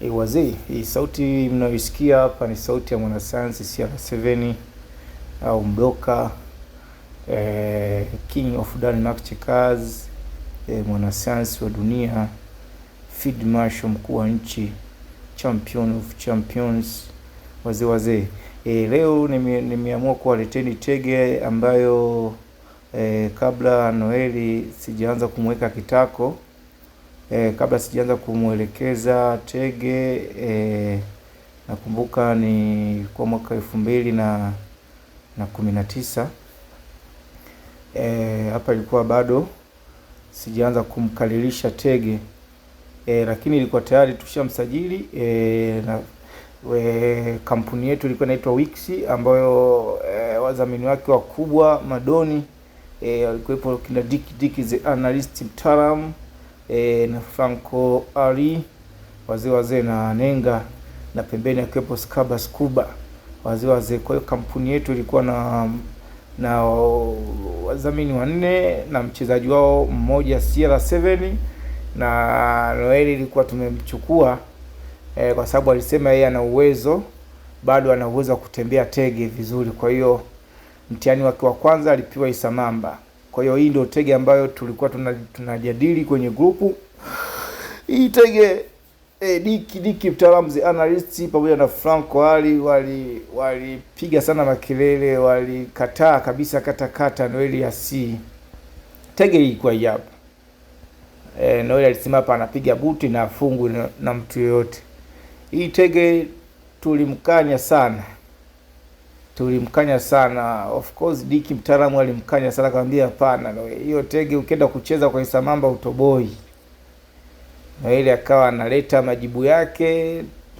E, wazee, hii sauti mnayoisikia hapa ni sauti ya mwanasayansi CR7 au Mdoka e, King of Denmark Checkers e, eh, mwanasayansi wa dunia, Field Marshal mkuu wa nchi, champion of champions. Wazee wazee, e, leo nimeamua kuwaleteni tege ambayo e, kabla Noeli sijaanza kumweka kitako E, kabla sijaanza kumwelekeza Tege e, nakumbuka ni kwa mwaka elfu mbili na na kumi na tisa eh, hapa ilikuwa bado sijaanza kumkalilisha Tege e, lakini ilikuwa tayari tushamsajili e, na we, kampuni yetu ilikuwa inaitwa Wix ambayo e, wadhamini wake wakubwa Madoni e, walikuwepo kina Dick Dick the analyst mtaalamu e, na Franco Ali wazee wazee na Nenga na pembeni akiwepo Skaba Skuba wazee wazee. Kwa hiyo kampuni yetu ilikuwa na na wadhamini wanne na mchezaji wao mmoja CR7 na Noeli ilikuwa tumemchukua e, kwa sababu alisema yeye ana uwezo bado ana uwezo wa kutembea tege vizuri. Kwa hiyo mtihani wake wa kwanza alipiwa Isamamba. Kwa hiyo hii ndio tege ambayo tulikuwa tunajadili kwenye grupu hii tege. eh, Diki Diki mtaalamu za analyst pamoja na Frank wali walipiga wali sana makelele, walikataa kabisa katakata Noeli ya C. Tege ilikuwa hapa Eh, Noeli alisema hapa anapiga buti na afungu na, na mtu yoyote. Hii tege tulimkanya sana tulimkanya sana. Of course Diki mtaalamu alimkanya sana, akamwambia hapana, hiyo tege ukienda kucheza kwa Isamamba utoboi. Na akawa analeta majibu yake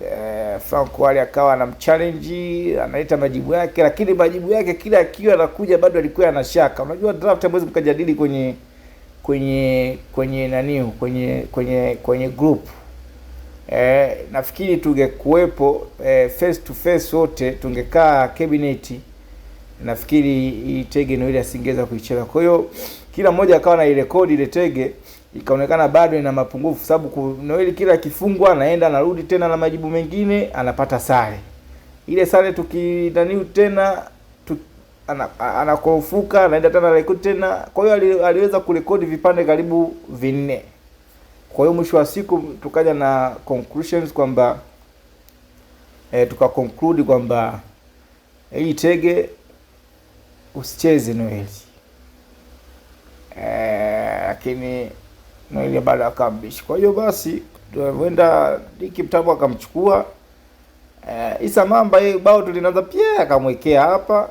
eh, Franco akawa na anamchallenge, analeta majibu yake, lakini majibu yake kila akiwa anakuja bado alikuwa anashaka. Unajua draft ambazo mkajadili kwenye kwenye kwenye nani kwenye kwenye kwenye group eh, nafikiri tungekuwepo eh, face to face wote tungekaa cabinet, nafikiri hii tege ndio ile asingeweza kuichelewa. Kwa hiyo kila mmoja akawa na irekodi ile tege ikaonekana bado ina mapungufu, sababu Noeli kila akifungwa anaenda anarudi tena na majibu mengine, anapata sare ile sare tukidaniu tena anakofuka anaenda tena rekodi tena. Kwa hiyo aliweza kurekodi vipande karibu vinne. Kwa hiyo mwisho wa siku tukaja na conclusions kwamba e, tuka conclude kwamba eh, hii tege usicheze noeli e, lakini noeli bado akawa Kwa hiyo basi tuenda Diki Mtambo akamchukua e, Isa Mamba, yeye bao tulinaza pia akamwekea hapa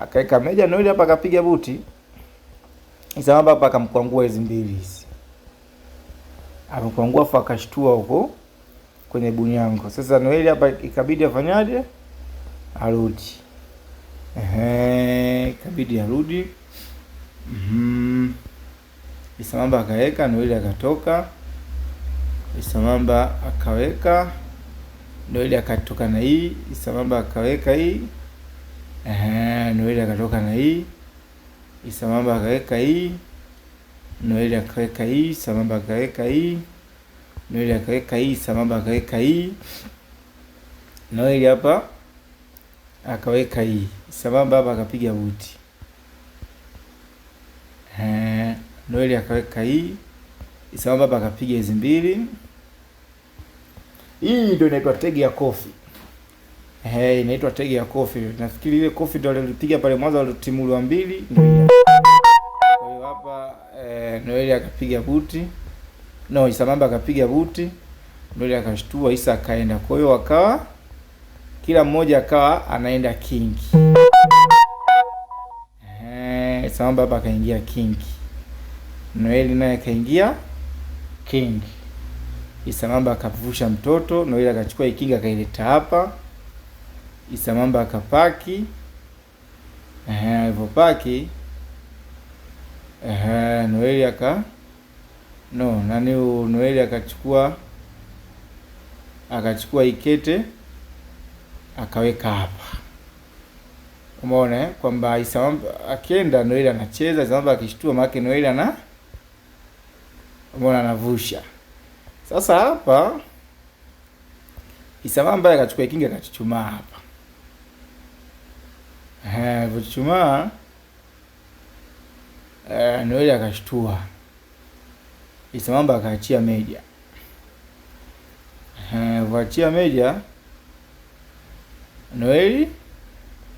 akaweka meja noeli hapa akapiga buti Isa Mamba hapa akamkwangua hizi mbili hizi amepangua afu akashtua huko kwenye Bunyango. Sasa Noeli hapa ikabidi afanyaje? Arudi. Ehe, ikabidi arudi. Mhm. Isamamba akaweka, Noeli akatoka. Isamamba akaweka. Noeli akatoka na hii, Isamamba akaweka hii. Ehe, Noeli akatoka na hii. Isamamba akaweka hii. Noeli akaweka hii sambamba, akaweka hii Noeli, akaweka hii sambamba, akaweka hii Noeli hapa, akaweka hii sambamba hapa, akapiga buti eh, Noeli akaweka hii Samamba hapa, akapiga hizi mbili. Hii ndio inaitwa tegi ya kofi. Eh, inaitwa tegi ya kofi. Nafikiri ile kofi ndio alipiga pale mwanzo, alitimuliwa mbili. Kwa hiyo hapa Eh, Noeli akapiga buti no mamba akapiga buti, Noeli akashtua, Isa akaenda. Kwa hiyo wakawa kila mmoja akawa anaenda kingi. Eh, Isamamba hapa akaingia kingi, Noeli naye akaingia kingi. Isamamba akavusha mtoto, Noeli akachukua ikinga akaileta hapa, Isamamba akapaki. Ehe, alivyopaki ehe ya Noeli aka no nani, Noeli akachukua akachukua ikete akaweka hapa. Umeona eh? kwamba Isamamba akienda Noeli anacheza, Isamamba akishtua, maana Noeli ana umeona anavusha. Sasa hapa Isamamba akachukua ikinga akachuchumaa hapa, eh vuchumaa Uh, Noeli akashtua Isamamba akaachia Meja. Eh, kuachia uh, Meja, Noeli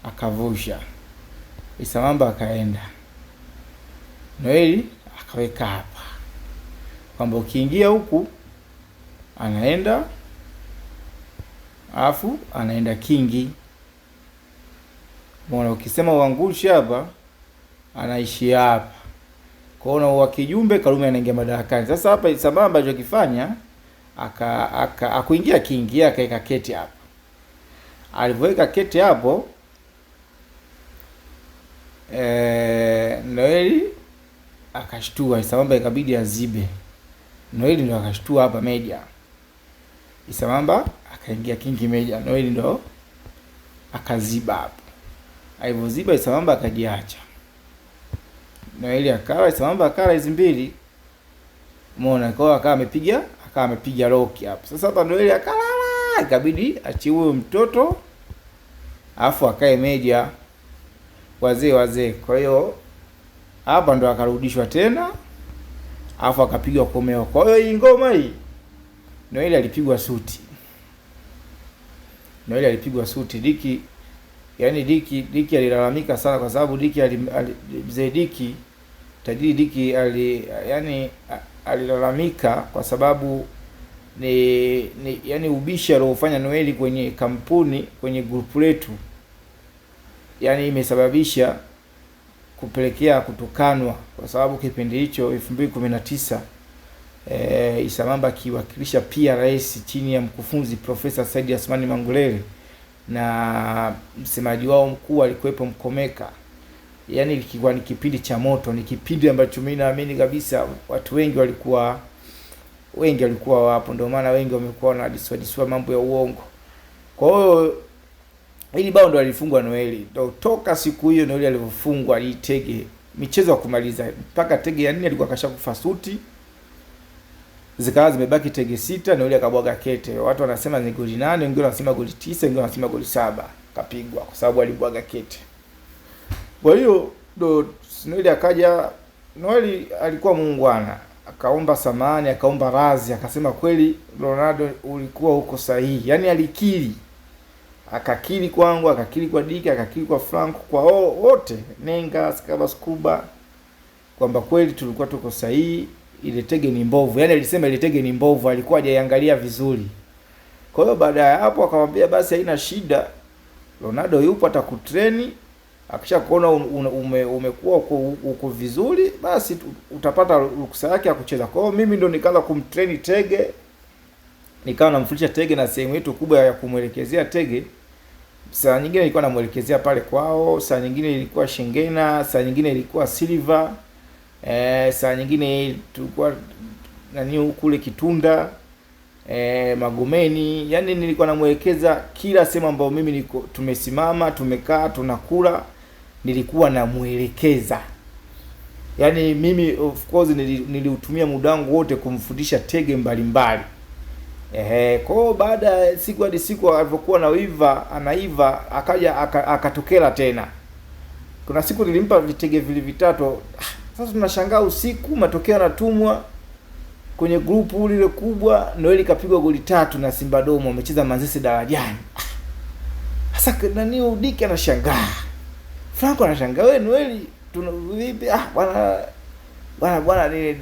akavusha, Isamamba akaenda, Noeli akaweka hapa kwamba ukiingia huku anaenda alafu anaenda kingi mona, ukisema uangushi hapa anaishi hapa kwa hiyo wa kijumbe Karume anaingia madarakani. Sasa hapa sambamba alichokifanya aka, aka akuingia kiingia akaweka keti hapo. Alivyoweka keti hapo eh, Noeli akashtua, sambamba ikabidi azibe. Noeli ndo akashtua hapa Meja. Isamamba akaingia Kingi Meja, Noeli ndo akaziba hapo. Alivyoziba Isamamba akajiacha. Noeli akala, Sambamba akala hizi mbili. Umeona, kwa akawa amepiga akawa amepiga lock hapo. Sasa hapa Noeli akala, ikabidi achiue mtoto afu akae meja wazee wazee. Kwa hiyo hapa ndo akarudishwa tena afu akapigwa komeo. Kwa hiyo hii ngoma hii Noeli alipigwa suti. Noeli alipigwa suti. Diki yani Diki Diki alilalamika sana kwa sababu Diki mzee Diki tajiri Diki ali yani alilalamika kwa sababu ni, ni yani ubishi aliofanya Noeli kwenye kampuni kwenye grupu letu yani imesababisha kupelekea kutukanwa kwa sababu kipindi hicho elfu mbili kumi na tisa e, Isamamba akiwakilisha pia rais chini ya mkufunzi Profesa Saidi Asmani Mangulele na msemaji wao mkuu alikuwepo Mkomeka yani ilikuwa ni kipindi cha moto, ni kipindi ambacho mimi naamini kabisa watu wengi walikuwa wengi walikuwa wapo, ndio maana wengi wamekuwa na wanadiswadiswa mambo ya uongo. Kwa hiyo ili bao ndo alifungwa Noeli, ndo toka siku hiyo Noeli alivyofungwa alitege michezo ya kumaliza mpaka tege ya nne alikuwa kasha kufa suti, zikawa zimebaki tege sita. Noeli akabwaga kete, watu wanasema ni goli nane, wengine wanasema goli tisa, wengine wanasema goli saba kapigwa, kwa sababu alibwaga kete. Kwa hiyo ndo Noeli akaja. Noeli alikuwa muungwana, akaomba samani, akaomba radhi, akasema kweli Ronaldo ulikuwa huko sahihi. Yaani alikiri, akakiri kwangu, akakiri kwa Diki, akakiri kwa Frank, kwa wote Nenga, Skaba, Skuba kwamba kweli tulikuwa tuko sahihi, ile tege ni mbovu. Yaani alisema ile tege ni mbovu, alikuwa hajaiangalia vizuri. Kwa hiyo baada ya hapo akamwambia basi haina shida, Ronaldo yupo atakutreni akisha kuona umekuwa uko, uko vizuri, basi utapata ruksa yake ya kucheza. Kwa hiyo mimi ndo nikaanza kumtrain Tege, nikawa namfundisha Tege na sehemu yetu kubwa ya kumwelekezea Tege. Saa nyingine nilikuwa namwelekezea pale kwao, saa nyingine ilikuwa Shengena, saa nyingine ilikuwa Silver, e, eh, saa nyingine tulikuwa nani kule Kitunda e, Magomeni. Yani nilikuwa namwelekeza kila sehemu ambayo mimi niko, tumesimama tumekaa tunakula nilikuwa namwelekeza. Yaani mimi of course niliutumia nili muda wangu wote kumfundisha tege mbalimbali. Ehe, kwa hiyo baada ya siku hadi siku alivyokuwa anaiva anaiva akaja akatokela tena. Kuna siku nilimpa vitege vili vitatu. Ah, sasa tunashangaa usiku matokeo yanatumwa kwenye grupu lile kubwa. Noeli kapigwa goli tatu na Simba Domo, amecheza Manzese darajani. Ah, sasa nani Udiki anashangaa. Franco anashangaa wewe Noeli tunavipi? Ah bwana bwana bwana ni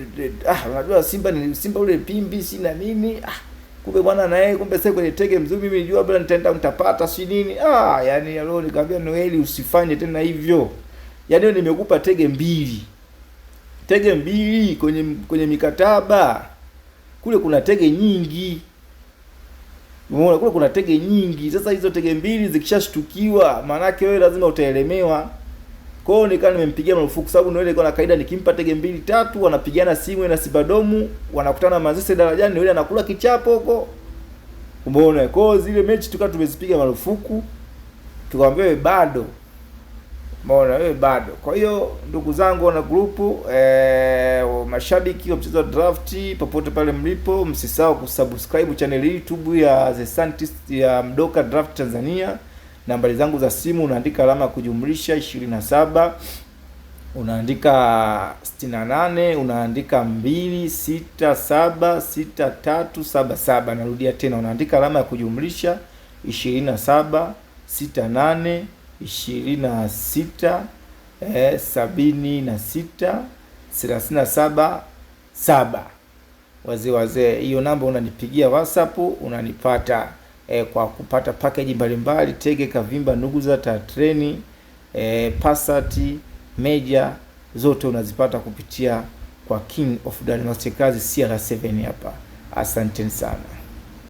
ah, unajua Simba ni Simba ule pimbi si na nini ah, kumbe bwana na yeye kumbe sasa kwenye tege mzuri, mimi nijua bila nitaenda nitapata si nini ah, yani leo nikamwambia Noeli usifanye tena hivyo, yani nimekupa tege mbili tege mbili kwenye kwenye mikataba kule kuna tege nyingi Umeona kule kuna tege nyingi. Sasa hizo tege mbili zikishashtukiwa, maana yake wewe lazima utaelemewa. Kwa hiyo nikaa nimempigia marufuku, sababu ndio ile na kaida, nikimpa tege mbili tatu, wanapigana simu na Sibadomu, wanakutana Mazese darajani, yule anakula kichapo huko. Umeona? Kwa hiyo zile mechi tukawa tumezipiga marufuku, tukamwambia bado Mbona wewe bado. Kwa hiyo ndugu zangu wana grupu eh, mashabiki wa mchezo wa popote pale mlipo, msisahau kusubscribe channel hii YouTube ya The Scientist ya Mdoka Draft Tanzania. Nambari zangu za simu unaandika alama ya kujumlisha 27 unaandika 68 unaandika 2676377. Narudia tena unaandika alama ya kujumlisha 27 68 ishirini na sita eh, sabini na sita thelathini na saba saba. Wazee wazee, hiyo namba unanipigia WhatsApp, unanipata eh, kwa kupata package mbalimbali Tege, Kavimba, Nuguza, Tatreni, eh, pasati Meja zote unazipata kupitia kwa King of Diagnostic Cars CR7 hapa. Asanteni sana.